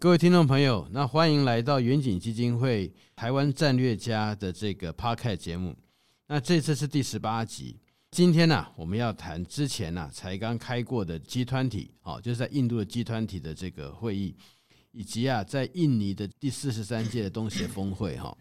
各位聽眾朋友，那歡迎來到遠景基金會台灣戰略家的這個 podcast 節目。那這次是第十八集，今天呢、啊，我們要談之前呢、啊、才剛開過的 G20，哦，就是在印度的 G20 的這個會議，以及啊在印尼的第四十三屆的東協峰會哈、哦。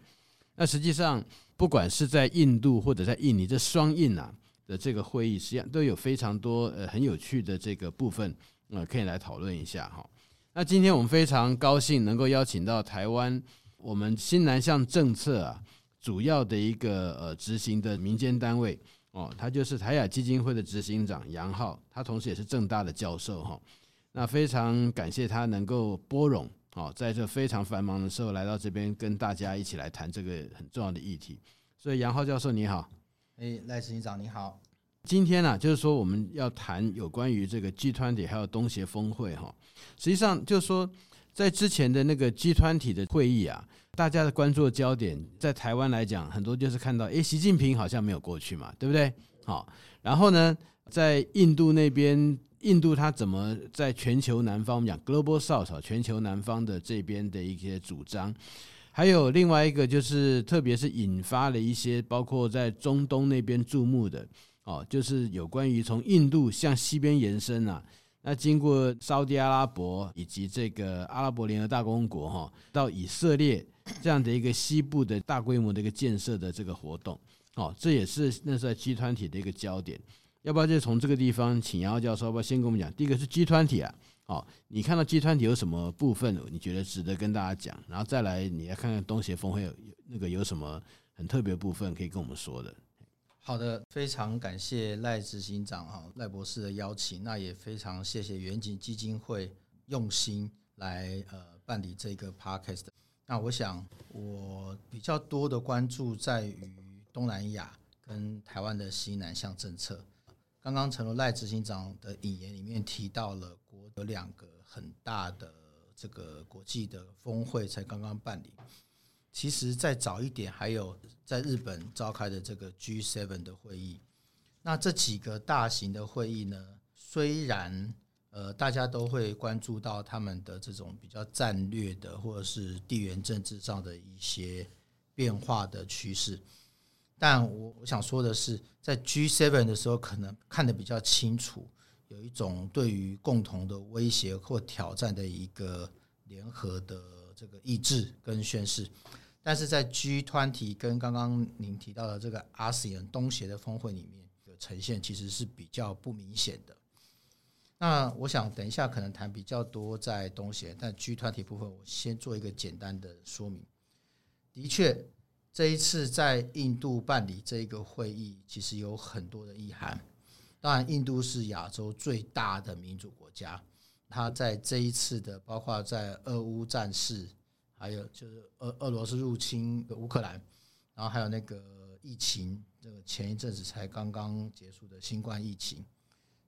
那實際上，不管是在印度或者在印尼，這雙印啊的這個會議，實際上都有非常多呃很有趣的這個部分，呃，可以來討論一下哈。哦那今天我們非常高興能夠邀請到台灣我們新南向政策啊主要的一個呃執行的民間單位哦，他就是台亞基金會的執行長楊昊，他同時也是政大的教授哈、哦。那非常感謝他能夠撥冗哦，在這非常繁忙的時候來到這邊跟大家一起來談這個很重要的議題。所以楊昊教授你好，誒、哎、賴執行長你好。今天呢、啊，就是說我們要談有關於這個 G20 還有東協峰會哈、哦。實際上，就是說在之前的那個 G20 的會議啊，大家的關注焦點在台灣來講，很多就是看到，哎，習近平好像沒有過去嘛，對不對？好，然後呢，在印度那邊，印度他怎麼在全球南方講 Global South 全球南方的這邊的一些主張，還有另外一個就是，特別是引發了一些包括在中東那邊注目的。哦，就是有關於從印度向西邊延伸啊，那經過沙烏地阿拉伯以及這個阿拉伯聯合大公國哈，到以色列這樣的一個西部的大規模的一個建設的這個活動，哦，這也是那時候在 G20 的一個焦點。要不要就從這個地方請楊昊教授？要不要先跟我們講？第一個是 G20 啊，哦，你看到 G20 有什麼部分，你覺得值得跟大家講？然後再來你要看看東協峰會有那個有什麼很特別部分可以跟我們說的。好的，非常感謝賴執行長哈賴博士的邀請，那也非常謝謝遠景基金會用心來呃辦理這個 podcast。那我想我比較多的關注在於東南亞跟台灣的新南向政策。剛剛誠如賴執行長的引言裡面提到了國有兩個很大的這個國際的峰會才剛剛辦理。其實再早一點，還有在日本召開的這個 G7 的會議。那這幾個大型的會議呢，雖然呃大家都會關注到他們的這種比較戰略的或者是地緣政治上的一些變化的趨勢，但我我想說的是，在 G7 的時候，可能看得比較清楚，有一種對於共同的威脅或挑戰的一個聯合的。這個意志跟宣誓，但是在 G 團體跟剛剛您提到的這個阿斯 e 東協的峰會裡面的呈現，其實是比較不明顯的。那我想等一下可能談比較多在東協，但 G 團體部分我先做一個簡單的說明。的確，這一次在印度辦理這個會議，其實有很多的意涵。當然，印度是亞洲最大的民主國家。他在這一次的，包括在俄烏戰事，還有就是俄俄羅斯入侵烏克蘭，然後還有那個疫情，這個前一陣子才剛剛結束的新冠疫情，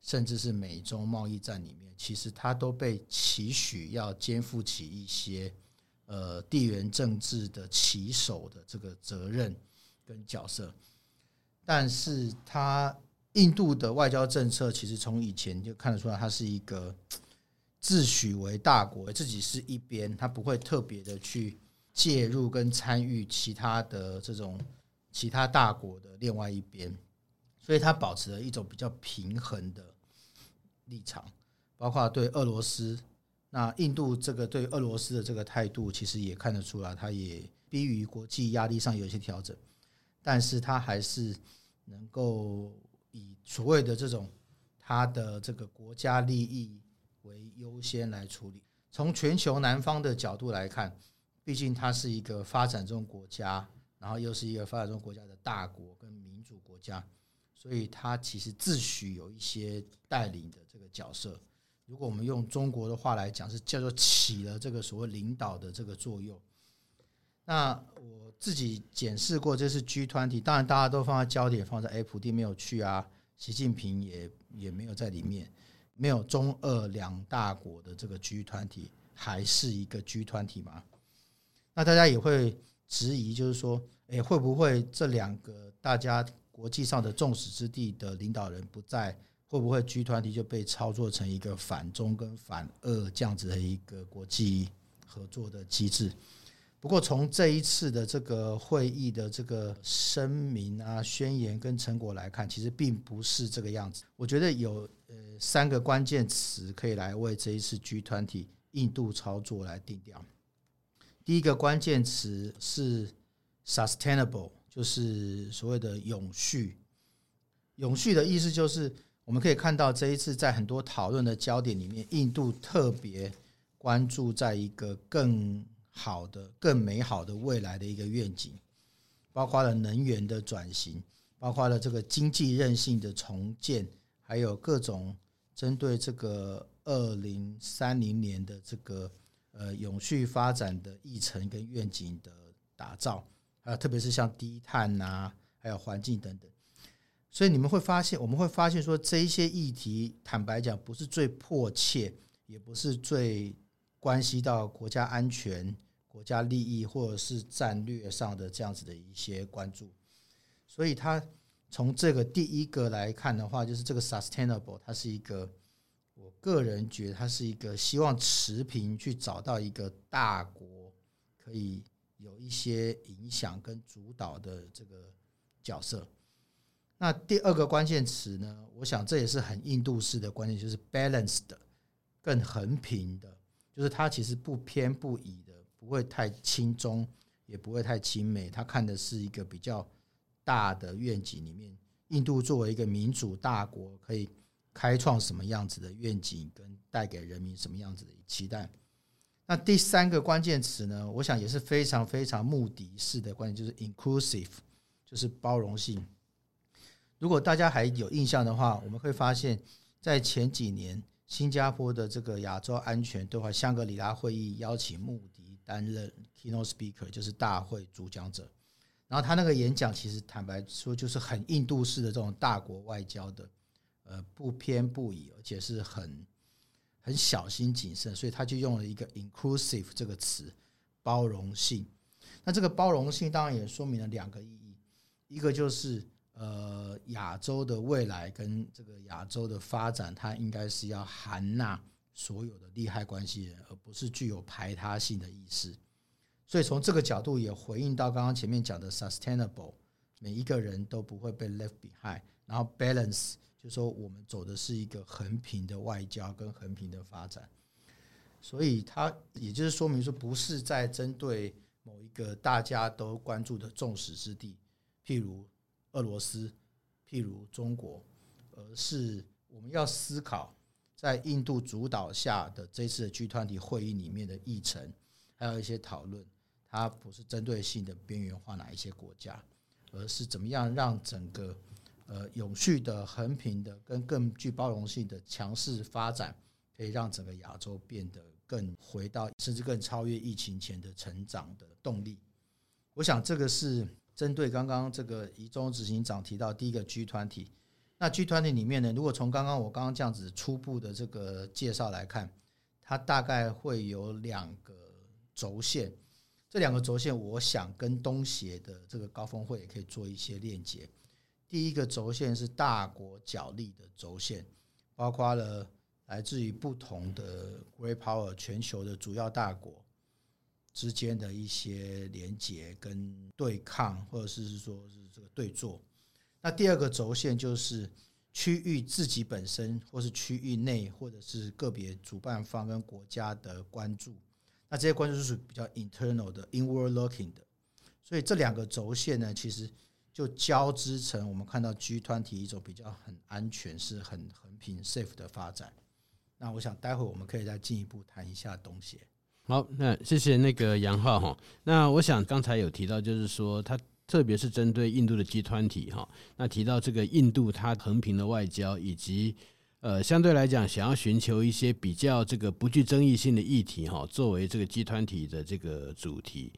甚至是美中貿易戰裡面，其實他都被期許要肩負起一些呃地緣政治的棋手的這個責任跟角色。但是，他印度的外交政策其實從以前就看得出來，他是一個。自詡為大國，自己是一邊，他不會特別的去介入跟參與其他的這種其他大國的另外一邊，所以他保持了一種比較平衡的立場。包括對俄羅斯，那印度這個對俄羅斯的這個態度，其實也看得出來，他也迫於國際壓力上有一些調整，但是他還是能夠以所謂的這種他的這個國家利益。為優先來處理。從全球南方的角度來看，畢竟它是一個發展中國家，然後又是一個發展中國家的大國跟民主國家，所以它其實自詡有一些帶領的這個角色。如果我們用中國的話來講，是叫做起了這個所謂領導的這個作用。那我自己檢視過，這是 G20。當然大家都放在焦點，放在哎，普丁沒有去啊，習近平也也沒有在裡面。沒有中俄兩大國的這個 G 團體，還是一個 G 團體嗎？那大家也會質疑，就是說，哎、欸，會不會這兩個大家國際上的眾矢之的的領導人不在，會不會 G 團體就被操作成一個反中跟反俄這樣子的一個國際合作的機制？不過，從這一次的這個會議的這個聲明啊、宣言、跟成果來看，其實並不是這個樣子。我覺得有呃三個關鍵詞可以來為這一次 G 團體印度操作來定調。第一個關鍵詞是 sustainable，就是所謂的永續。永續的意思就是，我們可以看到這一次在很多討論的焦點裡面，印度特別關注在一個更。好的，更美好的未來的一個願景，包括了能源的轉型，包括了這個經濟韌性的重建，還有各種針對這個二零三零年的這個呃永續發展的議程跟願景的打造，還有特別是像低碳啊，還有環境等等。所以你們會發現，我們會發現說，這一些議題，坦白講，不是最迫切，也不是最。關係到國家安全、國家利益，或者是戰略上的這樣子的一些關注，所以他從這個第一個來看的話，就是這個 sustainable，它，是一個我個人覺得它是一個希望持平去找到一個大國可以有一些影響跟主導的這個角色。那第二個關鍵詞呢，我想這也是很印度式的關鍵就是 balanced，更衡平的。就是他其實不偏不倚的，不會太親中，也不會太親美，他看的是一個比較大的願景裡面，印度作為一個民主大國，可以開創什麼樣子的願景，跟帶給人民什麼樣子的期待。那第三個關鍵詞呢，我想也是非常非常目的式的關鍵，就是 inclusive，就是包容性。如果大家還有印象的話，我們會發現，在前幾年，新加坡的這個亞洲安全對話香格里拉會議邀請穆迪擔任 keynote speaker，就是大會主講者。然後他那個演講其實坦白說就是很印度式的這種大國外交的，呃，不偏不倚，而且是很很小心謹慎，所以他就用了一個 inclusive 這個詞，包容性。那這個包容性當然也說明了兩個意義，一個就是。呃，亞洲的未來跟這個亞洲的發展，它應該是要含納所有的利害關係人，而不是具有排他性的意思。所以從這個角度也回應到剛剛前面講的 sustainable，每一個人都不會被 left behind，然後 balance 就說我們走的是一個衡平的外交跟衡平的發展。所以它也就是說明說，不是在針對某一個大家都關注的眾矢之的，譬如。俄羅斯，譬如中國，而是我們要思考，在印度主導下的這次的 G20 會議裡面的議程，還有一些討論，它不是針對性的邊緣化哪一些國家，而是怎麼樣讓整個呃永續的、和平的、跟更具包容性的強勢發展，可以讓整個亞洲變得更回到，甚至更超越疫情前的成長的動力。我想這個是。針對剛剛這個怡忠執行長提到第一個 G20，那 G20 裡面呢，如果從剛剛我剛剛這樣子初步的這個介紹來看，它大概會有兩個軸線，這兩個軸線，我想跟東協的這個高峰會也可以做一些鏈接。第一個軸線是大國角力的軸線，包括了來自於不同的 Great Power 全球的主要大國。之間的一些連接跟對抗，或者是說，是這個對坐。那第二個軸線就是區域自己本身，或是區域內，或者是個別主辦方跟國家的關注。那這些關注是比較 internal 的，inward looking 的。所以這兩個軸線呢，其實就交織成我們看到 G 團體一種比較很安全、是很很平 safe 的發展。那我想待會我們可以再進一步談一下東西。好，那謝謝那個楊昊哈。那我想剛才有提到，就是說他特別是針對印度的 G20 哈，那提到這個印度它橫平的外交以及呃相對來講想要尋求一些比較這個不具爭議性的議題哈，作為這個 G20 的這個主題。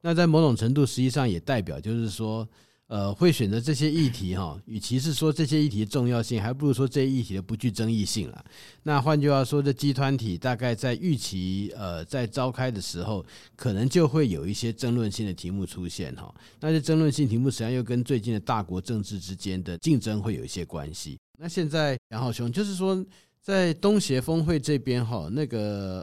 那在某種程度，實際上也代表就是說。呃，會選擇這些議題哈，與其是說這些議題的重要性，還不如說這些議題的不具爭議性了。那換句話說，這集團體大概在預期呃在召開的時候，可能就會有一些爭論性的題目出現哈。那這爭論性題目實際上又跟最近的大國政治之間的競爭會有一些關係。那現在楊昊兄就是說，在東協峰會這邊哈，那個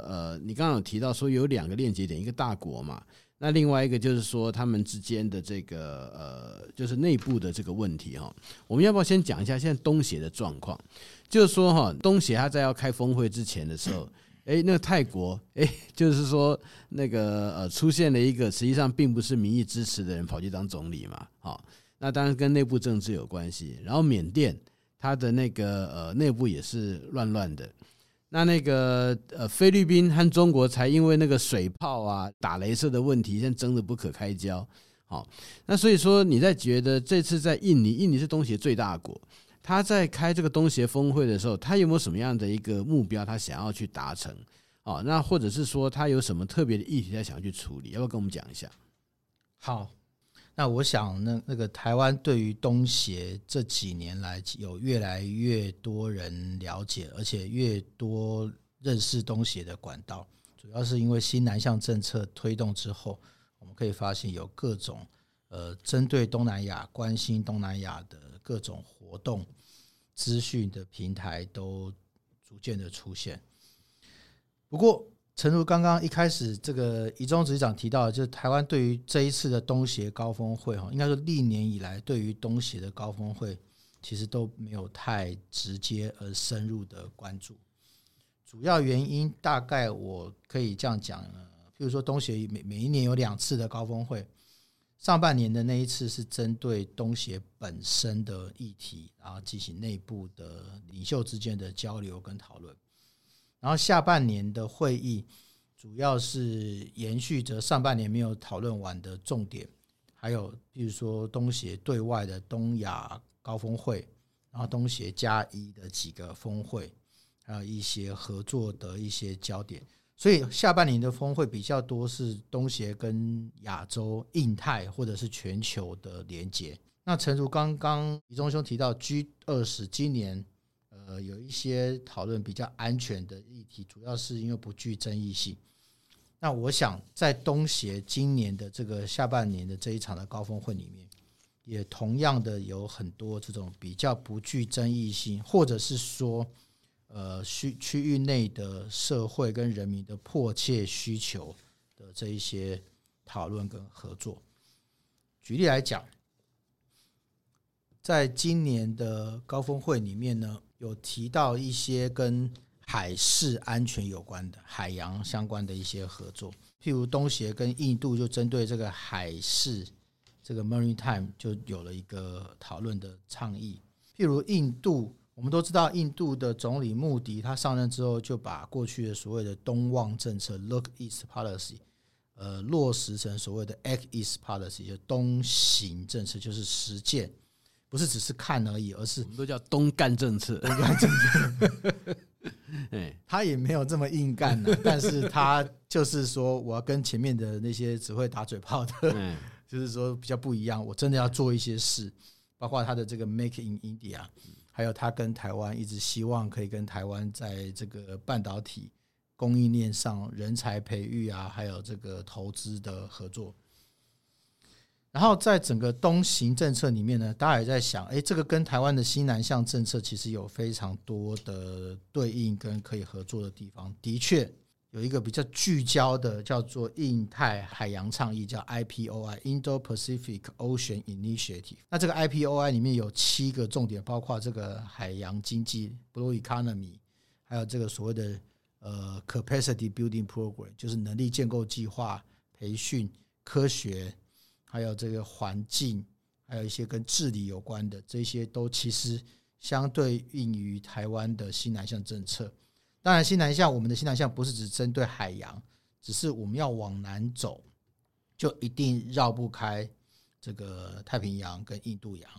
呃，你剛剛有提到說有兩個鏈接點，一個大國嘛。那另外一個就是說，他們之間的這個呃，就是內部的這個問題哈，我們要不要先講一下現在東協的狀況？就是說哈，東協他在要開峰會之前的時候，誒，那個泰國，誒，就是說那個呃，出現了一個實際上並不是民意支持的人跑去當總理嘛，哈，那當然跟內部政治有關係。然後緬甸，它的那個呃，內部也是亂亂的。那那個呃，菲律賓和中國才因為那個水炮啊、打雷射的問題，現在爭得不可開交。好，那所以說你在覺得這次在印尼，印尼是東協最大國，他在開這個東協峰會的時候，他有沒有什麼樣的一個目標，他想要去達成？啊，那或者是說他有什麼特別的議題，他想要去處理？要不要跟我們講一下？好。那我想，那那個台灣對於東協這幾年來有越來越多人了解，而且越多認識東協的管道，主要是因為新南向政策推動之後，我們可以發現有各種呃針對東南亞、關心東南亞的各種活動、資訊的平台都逐漸的出現。不過，誠如剛剛一開始，這個李宗執長提到，就是台灣對於這一次的東協高峰會，哈，應該說歷年以來對於東協的高峰會，其實都沒有太直接而深入的關注。主要原因大概我可以這樣講，呃，比如說東協每每一年有兩次的高峰會，上半年的那一次是針對東協本身的議題，然後進行內部的領袖之間的交流跟討論。然後下半年的會議，主要是延續着上半年沒有討論完的重點，還有，比如說東協對外的東亞高峰會，然後東協加一的幾個峰會，還有一些合作的一些焦點。所以下半年的峰會比較多是東協跟亞洲、印太或者是全球的連接。那誠如剛剛怡忠兄提到，G 二十今年，呃，有一些討論比較安全的議題，主要是因為不具爭議性。那我想，在東協今年的這個下半年的這一場的高峰會裡面，也同樣的有很多這種比較不具爭議性，或者是說，呃，區區域內的社會跟人民的迫切需求的這一些討論跟合作。舉例來講，在今年的高峰會裡面呢，有提到一些跟海事安全有關的海洋相關的一些合作，譬如東協跟印度就針對這個海事這個 Maritime 就有了一個討論的倡議。譬如印度，我們都知道印度的總理穆迪他上任之後就把過去的所謂的東望政策 （Look East Policy） 呃落實成所謂的 Act East Policy，就東行政策，就是實踐。不是只是看而已，而是我們都叫東幹政策。東幹政策，他也沒有這麼硬幹的， 但是他就是說，我要跟前面的那些只會打嘴炮的，就是說比較不一樣，我真的要做一些事，包括他的這個 Make in India，還有他跟台灣一直希望可以跟台灣在這個半導體供應鏈上、人才培育啊，還有這個投資的合作。然後在整個東行政策裡面呢，大家也在想，哎，這個跟台灣的新南向政策其實有非常多的對應跟可以合作的地方。的確，有一個比較聚焦的叫做印太海洋倡議，叫 IPOI (Indo-Pacific Ocean Initiative)。那這個 IPOI 裡面有七個重點，包括這個海洋經濟 (Blue Economy)，還有這個所謂的呃 Capacity Building Program，就是能力建構計劃、培訓、科學。還有這個環境，還有一些跟治理有關的，這些都其實相對應於臺灣的新南向政策。當然，新南向我們的新南向不是只針對海洋，只是我們要往南走，就一定繞不開這個太平洋跟印度洋，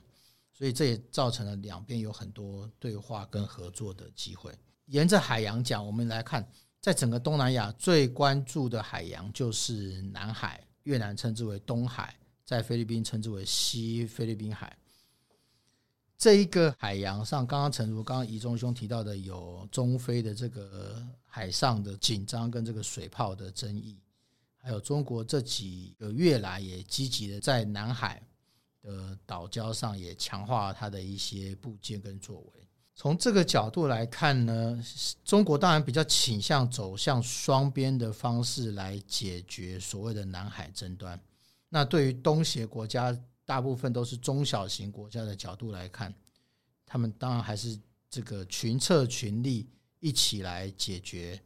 所以這也造成了兩邊有很多對話跟合作的機會。沿着海洋講，我們來看，在整個東南亞最關注的海洋就是南海，越南稱之為東海。在菲律賓稱之為西菲律賓海，這一個海洋上，剛剛誠如、剛剛怡忠兄提到的，有中非的這個海上的緊張跟這個水炮的爭議，還有中國這幾個月來也積極的在南海的島礁上也強化了它的一些部件跟作為。從這個角度來看呢，中國當然比較傾向走向雙邊的方式來解決所謂的南海爭端。那對於東協國家，大部分都是中小型國家的角度來看，他們當然還是這個群策群力一起來解決，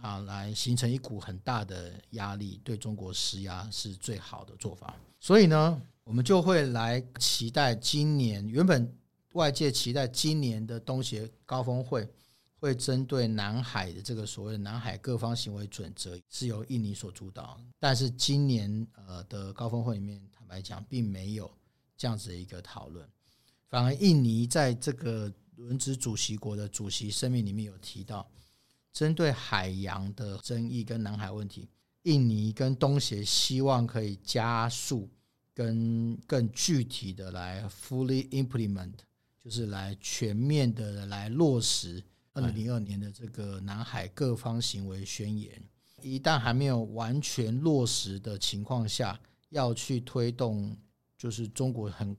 啊，來形成一股很大的壓力，對中國施壓是最好的做法。所以呢，我們就會來期待今年，原本外界期待今年的東協高峰會。會針對南海的這個所謂的南海各方行為準則是由印尼所主導。但是今年呃的高峰會裡面，坦白講，並沒有這樣子的一個討論，反而印尼在這個輪值主席國的主席聲明裡面有提到，針對海洋的爭議跟南海問題，印尼跟東協希望可以加速跟更具體的來 fully implement，就是來全面的來落實。二零零二年的這個南海各方行為宣言，一旦還沒有完全落實的情況下，要去推動，就是中國很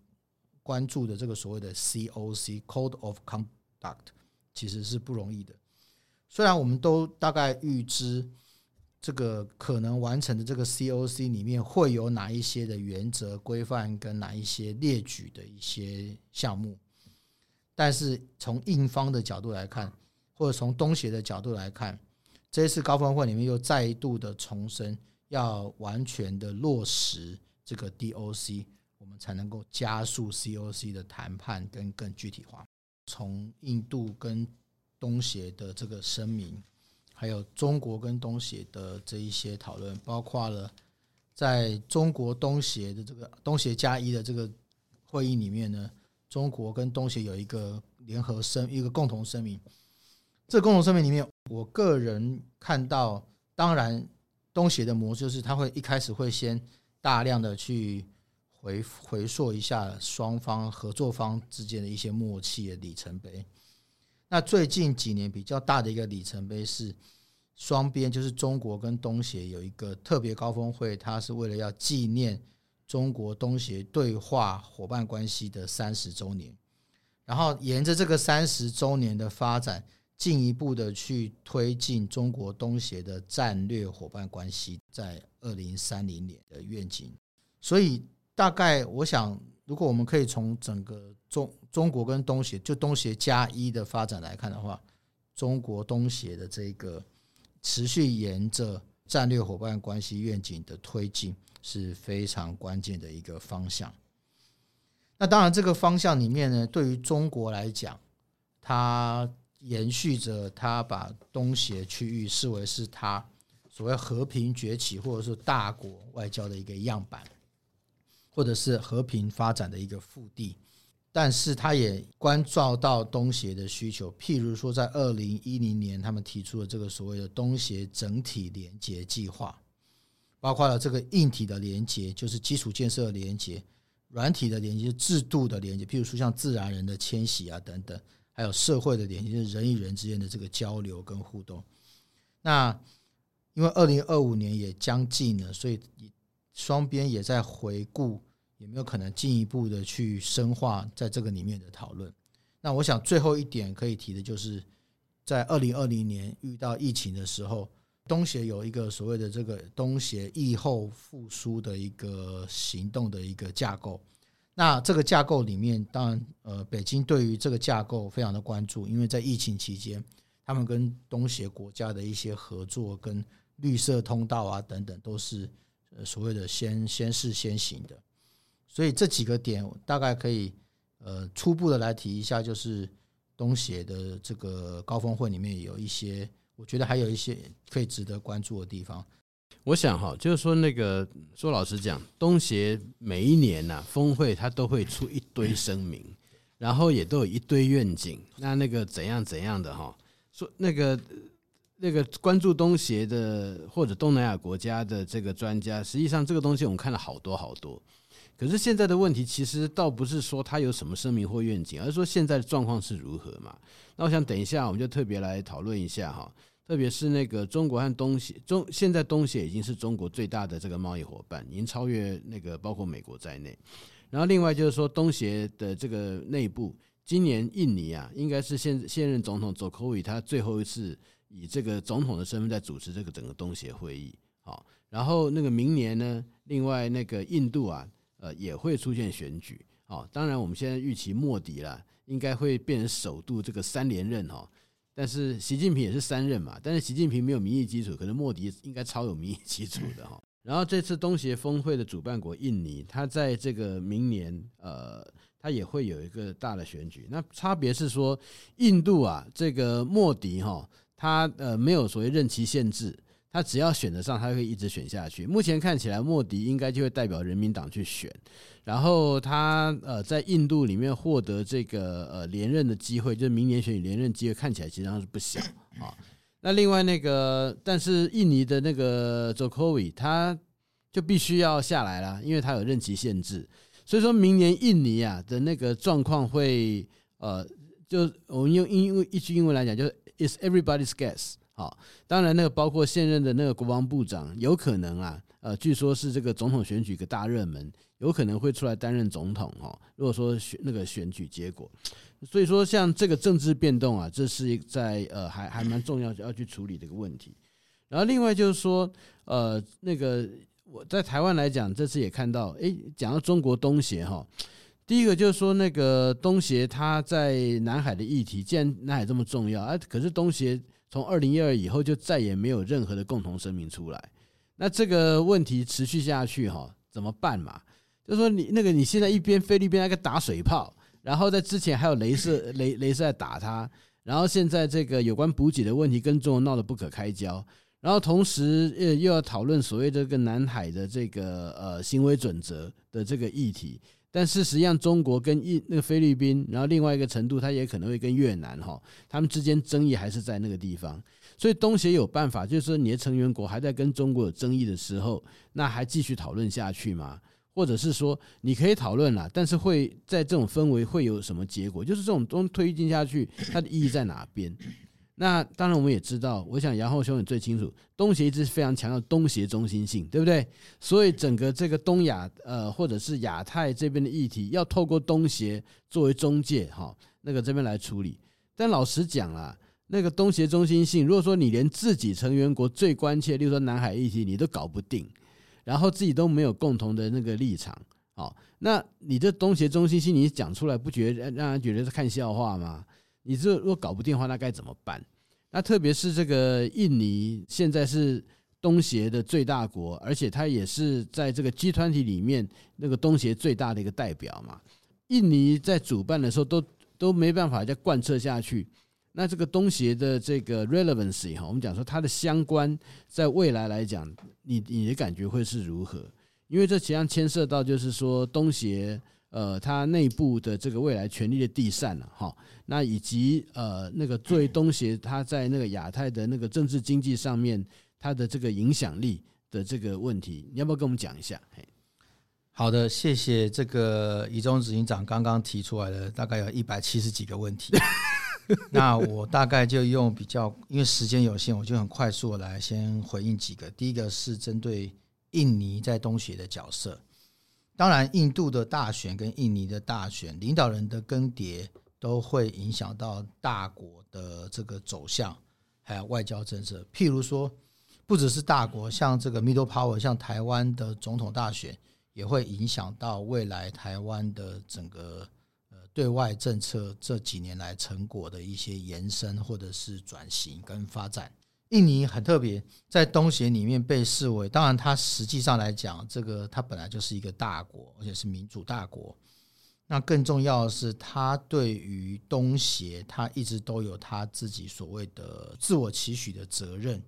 關注的這個所謂的 COC, Code of Conduct，其實是不容易的。雖然我們都大概預知這個可能完成的這個 COC 裡面會有哪一些的原則、規範跟哪一些列舉的一些項目，但是從印方的角度來看，或者從東協的角度來看，這一次高峰會裡面又再度的重申，要完全的落實這個 DOC，我們才能夠加速 COC 的談判跟更具體化。從印度跟東協的這個聲明，還有中國跟東協的這一些討論，包括了在中國東協的這個東協加一的這個會議裡面呢，中國跟東協有一個聯合聲，一個共同聲明。這個共同聲明裡面，我個人看到，當然東協的模式就是，他會一開始會先大量的去回回溯一下雙方合作方之間的一些默契的里程碑。那最近幾年比較大的一個里程碑是雙邊，就是中國跟東協有一個特別高峰會，它是為了要紀念中國東協對話伙伴關係的三十周年。然後沿着這個三十周年的發展。進一步的去推進中國東協的戰略夥伴關係在二零三零年的願景，所以大概我想，如果我們可以從整個中中國跟東協就東協加一的發展來看的話，中國東協的這個持續沿着戰略夥伴關係願景的推進是非常關鍵的一個方向。那當然，這個方向裡面呢，對於中國來講，它，延續着他把東協區域視為是他所謂和平崛起或者是大國外交的一個樣板，或者是和平發展的一個腹地。但是他也關照到東協的需求，譬如說在二零一零年他們提出了這個所謂的東協整體連接計劃，包括了這個硬體的連接，就是基礎建設的連接；軟體的連接，制度的連接，譬如說像自然人的遷徙啊等等。還有社會的聯繫，就是人與人之間的這個交流跟互動。那因為二零二五年也將近了，所以雙邊也在回顧有沒有可能進一步的去深化在這個裡面的討論。那我想最後一點可以提的就是，在二零二零年遇到疫情的時候，東協有一個所謂的這個東協疫後復甦的一個行動的一個架構。那這個架構裡面，當然，呃，北京對於這個架構非常的關注，因為在疫情期間，他們跟東協國家的一些合作，跟綠色通道啊等等，都是呃所謂的先先試先行的。所以這幾個點大概可以呃初步的來提一下，就是東協的這個高峰會裡面有一些，我覺得還有一些可以值得關注的地方。我想哈，就是說那個說老實講，東協每一年呢、啊，峰會，他都會出一堆聲明，然後也都有一堆願景。那那個怎樣怎樣的哈，說那個那個關注東協的或者東南亞國家的這個專家，實際上這個東西我們看了好多好多。可是現在的問題，其實倒不是說他有什麼聲明或願景，而是說現在的狀況是如何嘛。那我想等一下，我們就特別來討論一下哈。特別是那個中國和東協，中現在東協已經是中國最大的這個貿易伙伴，已經超越那個包括美國在內。然後另外就是說東協的這個內部，今年印尼啊，應該是現現任總統佐科維他最後一次以這個總統的身份在主持這個整個東協會議。好，然後那個明年呢，另外那個印度啊，呃也會出現選舉。好，當然我們現在預期莫迪啦，應該會變成首度這個三連任哈。但是習近平也是三任嘛，但是習近平沒有民意基礎，可能莫迪應該超有民意基礎的哈。然後這次東協峰會的主辦國印尼，他在這個明年呃，他也會有一個大的選舉。那差別是說，印度啊，這個莫迪哈、哦，他呃沒有所謂任期限制。他只要選得上，他會一直選下去。目前看起來，莫迪應該就會代表人民黨去選，然後他呃，在印度裡面獲得這個呃連任的機會，就是明年選舉連任機會看起來其實上是不小啊。那另外那個，但是印尼的那個佐科維他就必須要下來了，因為他有任期限制，所以說明年印尼啊的那個狀況會呃，就我們用英用一句英文來講，就是 “It's everybody's guess”。好，當然，那個包括現任的那個國防部長，有可能啊，呃，據說是這個總統選舉一個大熱門，有可能會出來擔任總統哈、哦，如果說選那個選舉結果，所以說像這個政治變動啊，這是一在呃還還蠻重要的要去處理這個問題。然後另外就是說，呃，那個我在台灣來講，這次也看到，哎，講到中國東協哈、哦，第一個就是說那個東協他在南海的議題，既然南海這麼重要，啊、可是東協。從二零一二以後，就再也沒有任何的共同聲明出來。那這個問題持續下去，哈，怎麼辦嘛？就說你那個，你現在一邊菲律賓那個打水炮，然後在之前還有雷射雷雷射，在打他，然後現在這個有關補給的問題跟中國鬧得不可開交，然後同時又要討論所謂的這個南海的這個呃行為準則的這個議題。但是實際上，中國跟印那個菲律賓，然後另外一個程度，它也可能會跟越南哈，他們之間爭議還是在那個地方。所以東協有辦法，就是說你的成員國還在跟中國有爭議的時候，那還繼續討論下去嗎？或者是說，你可以討論了，但是會在這種氛圍會有什麼結果？就是這種東推進下去，它的意義在哪邊？那當然，我們也知道，我想楊昊兄，你最清楚，東協一直非常強調東協中心性，對不對？所以整個這個東亞，呃，或者是亞太這邊的議題，要透過東協作為中介，哈、哦，那個這邊來處理。但老實講啊，那個東協中心性，如果說你連自己成員國最關切，例如說南海議題，你都搞不定，然後自己都沒有共同的那個立場，好、哦，那你這東協中心性，你講出來不覺得讓人覺得是看笑話嗎？你這如果搞不定的話，那該怎麼辦？那特別是這個印尼現在是東協的最大國，而且它也是在這個集團體裡面那個東協最大的一個代表嘛。印尼在主辦的時候都都沒辦法再貫徹下去，那這個東協的這個 relevancy 哈，我們講說它的相關，在未來來講，你你的感覺會是如何？因為這實際上牽涉到就是說東協。呃，他內部的這個未來權力的遞散了哈，那以及呃那個作為東協，他在那個亞太的那個政治經濟上面他的這個影響力的這個問題，你要不要跟我們講一下？好的，謝謝這個怡忠執行長剛剛提出來的大概有一百七十幾個問題， 那我大概就用比較因為時間有限，我就很快速的來先回應幾個。第一個是針對印尼在東協的角色。當然，印度的大選跟印尼的大選，領導人的更迭都會影響到大國的這個走向，還有外交政策。譬如說，不只是大國，像這個 Middle Power，像台灣的總統大選，也會影響到未來台灣的整個呃對外政策。這幾年來成果的一些延伸，或者是轉型跟發展。印尼很特別，在東協裡面被視為，當然，它實際上來講，這個它本來就是一個大國，而且是民主大國。那更重要的是他，它對於東協，它一直都有它自己所謂的自我期許的責任。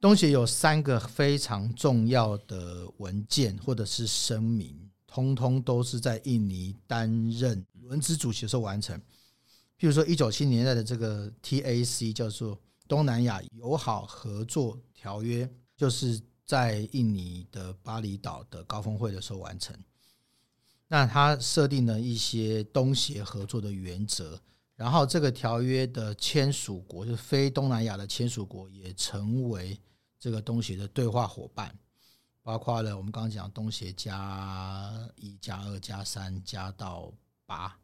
東協有三個非常重要的文件或者是聲明，通通都是在印尼擔任輪值主席的時候完成。比如說，一九七零年代的這個 TAC 叫做。東南亞友好合作條約就是在印尼的巴厘島的高峰會的時候完成。那它設定了一些東協合作的原則，然後這個條約的簽署國就是非東南亞的簽署國也成為這個東協的對話夥伴，包括了我們剛剛講東協加一加二加三加到八。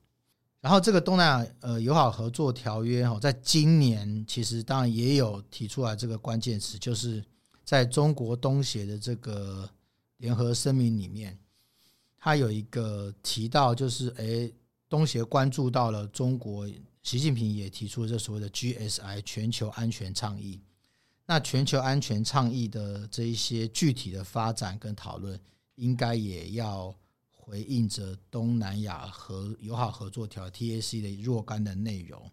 然後這個東南亞呃友好合作條約哦，在今年其實當然也有提出來這個關鍵詞，就是在中國東協的這個聯合聲明裡面，它有一個提到，就是哎東協關注到了中國習近平也提出這所謂的 GSI 全球安全倡議，那全球安全倡議的這一些具體的發展跟討論，應該也要。回應着東南亞和友好合作條 TAC 的若干的內容，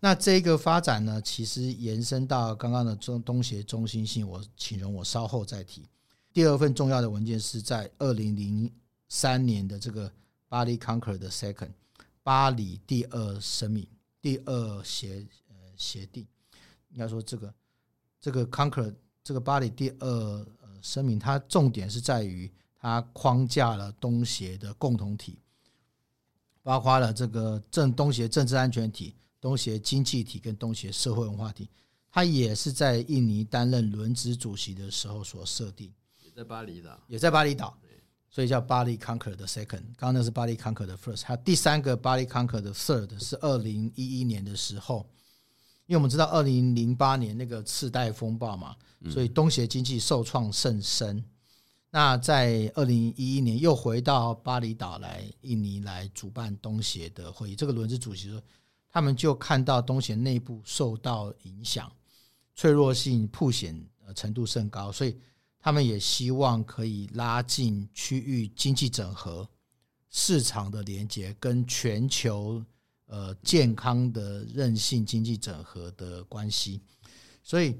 那這個發展呢，其實延伸到剛剛的中東協中心性，我請容我稍後再提。第二份重要的文件是在二零零三年的這個巴黎 Conquer 的 Second 巴黎第二聲明，第二協呃協定，應該說這個這個 Conquer 這個巴黎第二呃聲明，它重點是在於。它框架了東協的共同體，包括了這個政東協政治安全體、東協經濟體跟東協社會文化體。它也是在印尼擔任輪值主席的時候所設定。也在巴厘島，也在巴厘島，所以叫 Bali Concord 的 second。剛剛那是 Bali Concord 的 first，還有第三個 Bali Concord 的 third 是二零一一年的時候，因為我們知道二零零八年那個次貸風暴嘛，所以東協經濟受創甚深。那在二零一一年又回到巴厘島來，印尼來主辦東協的會議。這個輪值主席說，他們就看到東協內部受到影響，脆弱性凸顯，呃，程度甚高，所以他們也希望可以拉近區域經濟整合市場的連接，跟全球呃健康的韌性經濟整合的關係，所以。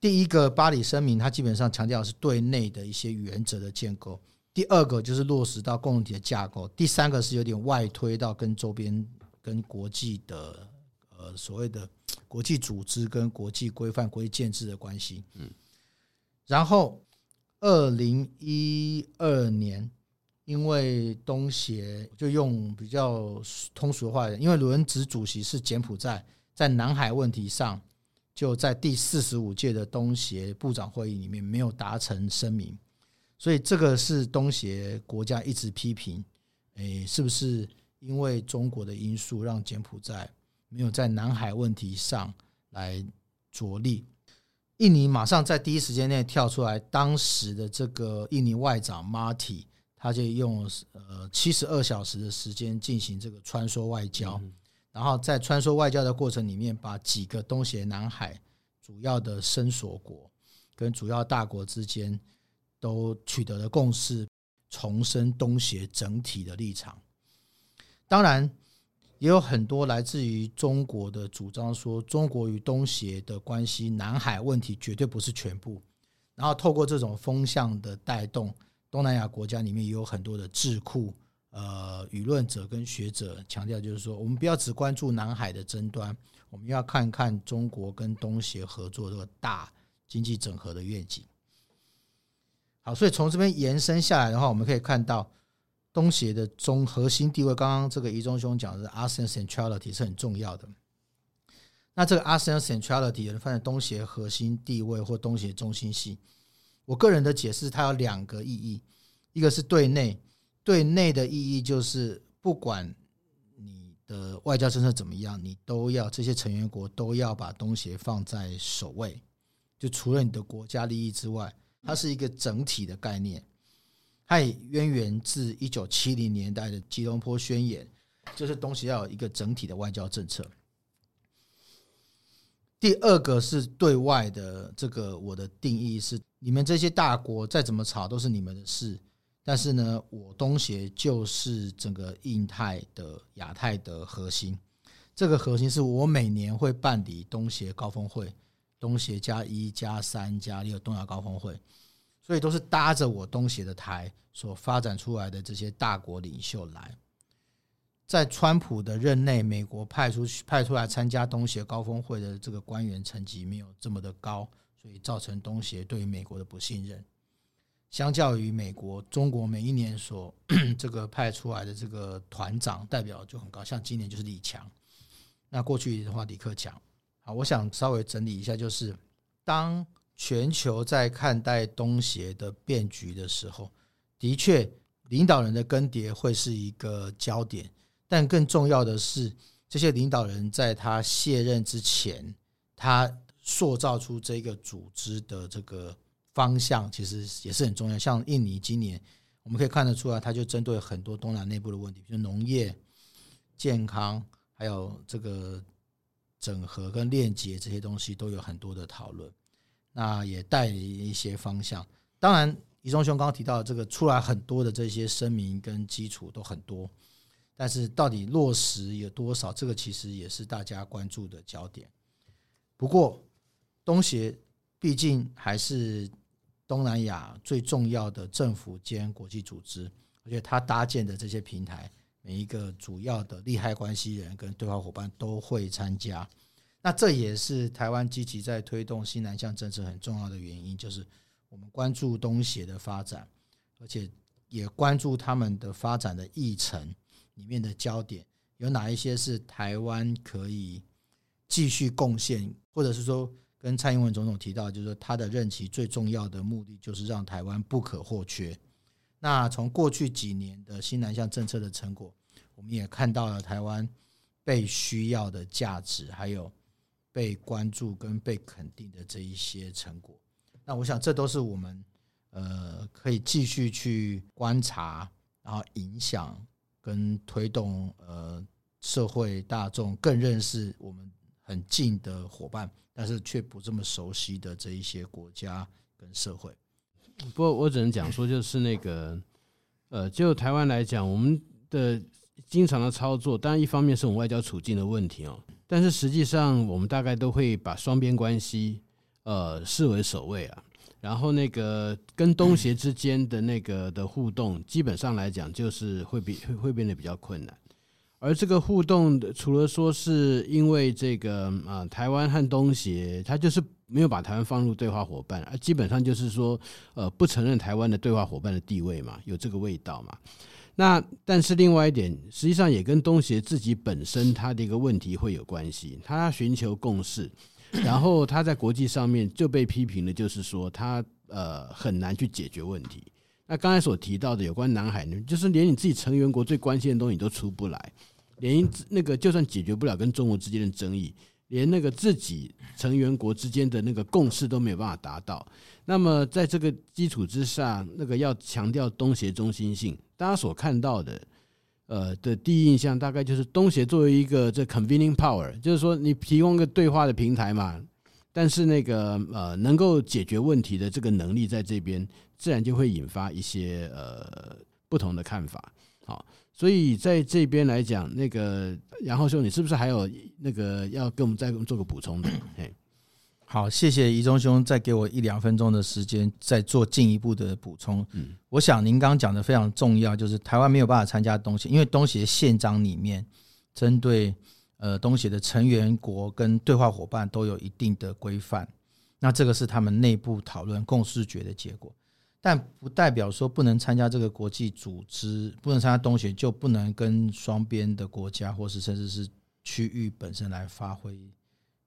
第一個峇里聲明，它基本上強調的是對內的一些原則的建構；第二個就是落實到共同體的架構；第三個是有點外推到跟周邊、跟國際的呃所謂的國際組織跟國際規範、國際建制的關係。嗯，然後二零一二年，因為東協就用比較通俗的話，因為輪值主席是柬埔寨，在南海問題上。就在第四十五屆的東協部長會議裡面沒有達成聲明，所以這個是東協國家一直批評，誒，是不是因為中國的因素讓柬埔寨沒有在南海問題上來着力？印尼馬上在第一時間內跳出來，當時的這個印尼外長馬蒂他就用呃七十二小時的時間進行這個穿梭外交。然後在穿梭外交的過程裡面，把幾個東協南海主要的聲索國跟主要大國之間都取得了共識，重申東協整體的立場。當然，也有很多來自於中國的主張說，說中國與東協的關係、南海問題絕對不是全部。然後透過這種風向的帶動，東南亞國家裡面也有很多的智庫。呃，輿論者跟學者強調，就是說，我們不要只關注南海的爭端，我們要看看中國跟東協合作的這個大經濟整合的願景。好，所以從這邊延伸下來的話，我們可以看到東協的中核心地位。剛剛這個怡忠兄講的是 ASEAN centrality” 是很重要的。那這個 ASEAN centrality” 也放在東協核心地位或東協中心系。我個人的解釋，它有兩個意義，一個是對內。對內的意義就是，不管你的外交政策怎麼樣，你都要這些成員國都要把東協放在首位，就除了你的國家利益之外，它是一個整體的概念。它也淵源自一九七零年代的吉隆坡宣言，就是東協要有一個整體的外交政策。第二個是對外的，這個我的定義是，你們這些大國再怎麼吵都是你們的事。但是呢，我東協就是整個印太的亞太的核心，這個核心是我每年會辦理東協高峰會、東協加一加三加六東亞高峰會，所以都是搭着我東協的台所發展出來的這些大國領袖來。在川普的任內，美國派出去派出來參加東協高峰會的這個官員層級沒有這麼的高，所以造成東協對美國的不信任。相較於美國，中國每一年所這個派出來的這個團長代表就很高，像今年就是李強。那過去的話，李克強。好，我想稍微整理一下，就是當全球在看待東協的變局的時候，的確領導人的更迭會是一個焦點，但更重要的是，這些領導人在他卸任之前，他塑造出這個組織的這個。方向其實也是很重要。像印尼今年，我們可以看得出來，它就針對很多東南亞內部的問題，比如農業、健康，還有這個整合跟鏈接這些東西，都有很多的討論。那也帶了一些方向。當然，怡忠兄剛剛提到的這個出來很多的這些聲明跟基礎都很多，但是到底落實有多少，這個其實也是大家關注的焦點。不過，東協畢竟還是。東南亞最重要的政府間國際組織，而且它搭建的這些平台，每一個主要的利害關係人跟對話夥伴都會參加。那這也是台灣積極在推動新南向政策很重要的原因，就是我們關注東協的發展，而且也關注他們的發展的議程裡面的焦點，有哪一些是台灣可以繼續貢獻，或者是說。跟蔡英文總統提到，就是說他的任期最重要的目的，就是讓台灣不可或缺。那從過去幾年的新南向政策的成果，我們也看到了台灣被需要的價值，還有被關注跟被肯定的這一些成果。那我想，這都是我們呃可以繼續去觀察，然後影響跟推動呃社會大眾更認識我們。很近的夥伴，但是卻不這麼熟悉的這一些國家跟社會。不過我只能講說，就是那個，呃，就台灣來講，我們的經常的操作，當然一方面是我們外交處境的問題哦，但是實際上我們大概都會把雙邊關係，呃，視為首位啊。然後那個跟東協之間的那個的互動，基本上來講，就是會比會變得比較困難。而這個互動的，除了說是因為這個啊、呃，台灣和東協，他就是沒有把台灣放入對話夥伴，啊，基本上就是說，呃，不承認台灣的對話夥伴的地位嘛，有這個味道嘛。那但是另外一點，實際上也跟東協自己本身他的一個問題會有關係，他尋求共識，然後他在國際上面就被批評的，就是說他呃很難去解決問題。那剛才所提到的有關南海，就是連你自己成員國最關心的東西都出不來，連那個就算解決不了跟中國之間的爭議，連那個自己成員國之間的那個共識都沒有辦法達到。那麼在這個基礎之上，那個要強調東協中心性，大家所看到的，呃，的第一印象大概就是東協作為一個這 convening power，就是說你提供一個對話的平台嘛。但是那個呃，能夠解決問題的這個能力在這邊，自然就會引發一些呃不同的看法，好，所以在這邊來講，那個楊昊兄，你是不是還有那個要跟我們再做個補充的？嘿，好，謝謝怡忠兄再給我一兩分鐘的時間，再做進一步的補充。嗯，我想您剛剛講的非常重要，就是台灣沒有辦法參加東協，因為東協憲章裡面針對。呃，東協的成員國跟對話夥伴都有一定的規範，那這個是他們內部討論共識決的結果，但不代表說不能參加這個國際組織，不能參加東協就不能跟雙邊的國家，或是甚至是區域本身來發揮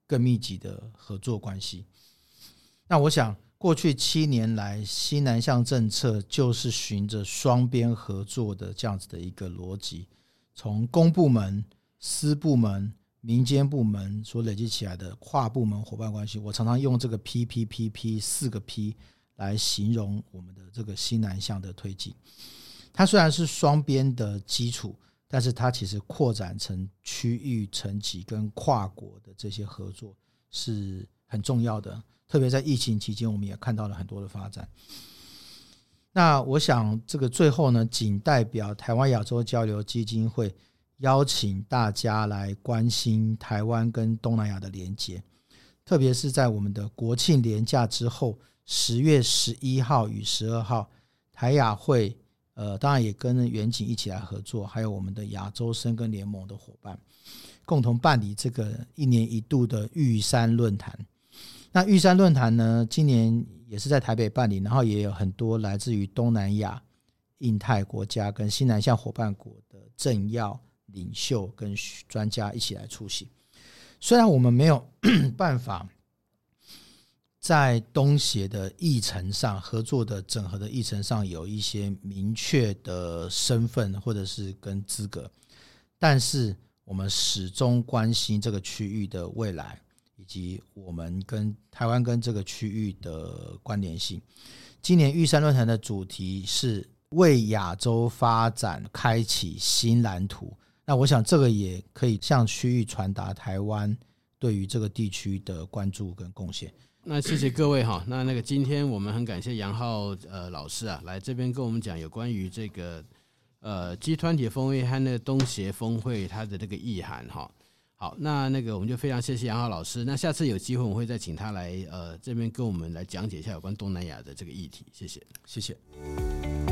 更密集的合作關係。那我想，過去七年來，新南向政策就是循着雙邊合作的這樣子的一個邏輯，從公部門。私部門、民間部門所累積起來的跨部門夥伴關係，我常常用這個 P P P P 四個 P 來形容我們的這個新南向的推進。它雖然是雙邊的基礎，但是它其實擴展成區域層級跟跨國的這些合作是很重要的。特別在疫情期間，我們也看到了很多的發展。那我想這個最後呢，僅代表台灣亞洲交流基金會。邀請大家來關心台灣跟東南亞的連接，特別是在我們的國慶連假之後，十月十一號與十二號，台亞會呃，當然也跟遠景一起來合作，還有我們的亞洲生根聯盟的夥伴，共同辦理這個一年一度的玉山論壇。那玉山論壇呢，今年也是在台北辦理，然後也有很多來自於東南亞、印太國家跟新南向夥伴國的政要。領袖跟專家一起來出席，雖然我們沒有辦法在東協的議程上、合作的整合的議程上有一些明確的身份或者是跟資格，但是我們始終關心這個區域的未來，以及我們跟台灣跟這個區域的關聯性。今年玉山論壇的主題是為亞洲發展開啟新藍圖。那我想這個也可以向區域傳達台灣對於這個地區的關注跟貢獻。那謝謝各位哈。那那個今天我們很感謝楊昊呃老師啊來這邊跟我們講有關於這個呃 G20 峰會和那個東協峰會它的這個意涵哈。好，那那個我們就非常謝謝楊昊老師。那下次有機會我會再請他來呃這邊跟我們來講解一下有關東南亞的這個議題。謝謝，謝謝。